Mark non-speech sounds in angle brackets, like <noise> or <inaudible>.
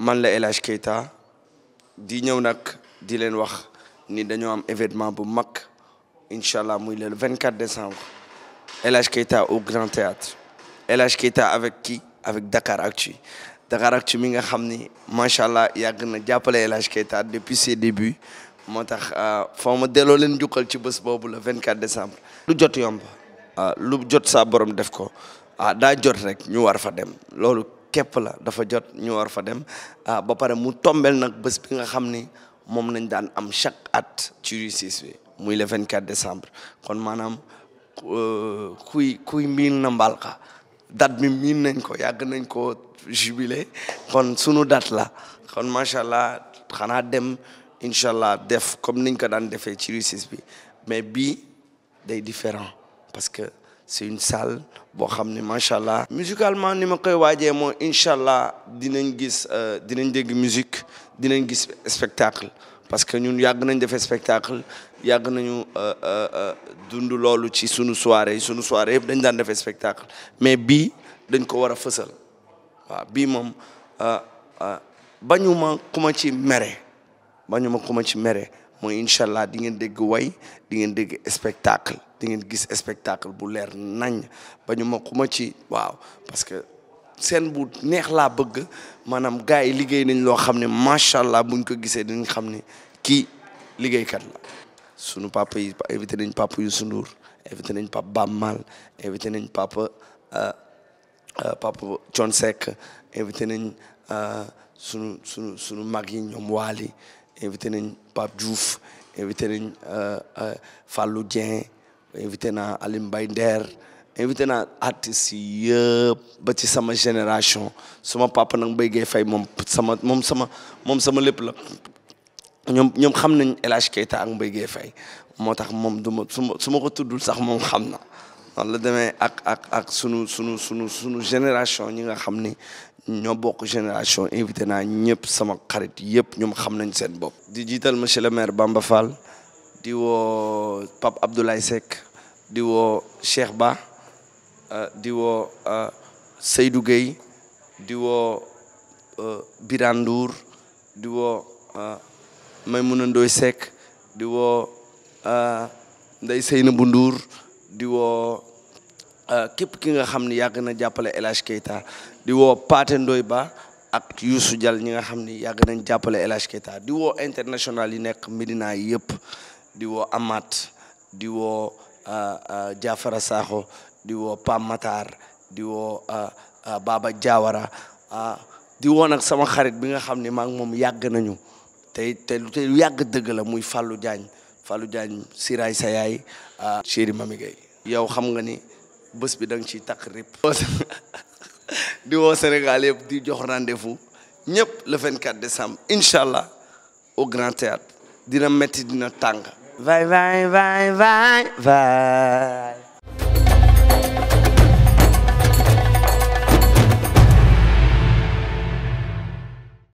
man la El Keita di ñëw nak di leen wax ni dañu am événement bu mak inshallah muy le 24 décembre El Keita au Grand Théâtre El Keita avec qui avec Dakar Actu Dakar Actu mi nga xamni machallah yag na jappalé El Keita depuis ses débuts motax fa euh, foo ma delloo leen jukal ci bëss bobu le 24 décembre. lu jot yomb ah, lu jot sa borom def ko ah jot rek ñu war fa dem lolu képp la dafa jot ñu fa dem ah, ba pare mu tombel nag bespinga bi nga nendan am chaque at ci UCS bi 11 le 24 décembre kon manam euh, kuy kuy mil na mbaal date bi miin nañ ko yàgg nañ ko kon sunu date la kon macha allah dem def comme niñ ko daan defee ci bi mais day différent parce que c'est une salle boo xam ni macha allah. musicalement ni ma koy waajee moo incha allah dinañ gis euh, dinañ dégg musique dinañ gis spectacle parce que ñun yàgg nañ defe spectacle yàgg nañu euh, euh, dund loolu ci sunu soirée yi sunu soirée yëpp dañ daan defee spectacle mais bii dañ ko war a fësal waaw bii moom bañu ma ci mere bañu ma ci mere mooy incha allah di ngeen dégg way di ngeen dégg spectacle di ngeen gis spectacle bu leer nañ ba ñu ma ci waaw parce que seen bu neex laa bëgg maanaam gars yi liggéey nañ loo xam ne macha allah buñ ko gisee dañ xam ne kii liggéeykat la. sunu papa yi invité nañ papa Youssou Ndour nañ papa Bam Mal invité nañ papa papa euh, euh, Thione Seck invité nañ euh, sunu sunu sunu mag yi ñoom Waly invité nañ Pape Diouf invité nañ euh, euh, fallu Dieng invité naa Alim Mbaye Nder invité naa artistes yi yëpp ba ci sama génération suma papa nag Mbaye Guèye Faye moom sama moom sama moom sama lépp la ñoom ñoom xam nañ El Hadj Keita ak Mbaye Guèye Faye moo tax moom du ma su ma su ma ko tuddul sax moom xam na noonu la demee ak ak ak sunu sunu sunu sunu génération ñi nga xam ni ñoo bokk génération invité naa ñëpp sama xarit yëpp ñoom xam nañ seen bopp. di jiital monsieur le maire Bamba Fall di woo Pape Abdoulaye Seck di woo Cheikh Ba euh, di woo euh, Seydou Gueye di woo euh, Birane Ndour di woo Maymouna Ndoye Seck di woo Ndeye Seynabou Ndour di woo képp ki nga xam ni yàgg na jàppale El Hadj di wo paté ndoy ba ak yousou dial ñi nga xamni yag nañ jappalé elage keta di wo international yi nek medina yépp di wo amat di wo ah, ah, jafara saxo di wo pam matar di wo ah, baba jawara di wo nak sama xarit bi hamni xamni mak mom yag nañu té té lu té yag deug la muy fallu jañ fallu jañ siray sa yaay mami gay yow xam nga ni bëss bi dang <laughs> di woo Sénégal pour di jox rendez-vous le 24 décembre inshallah, au Grand Théâtre dina metti dina tang Bye bye bye bye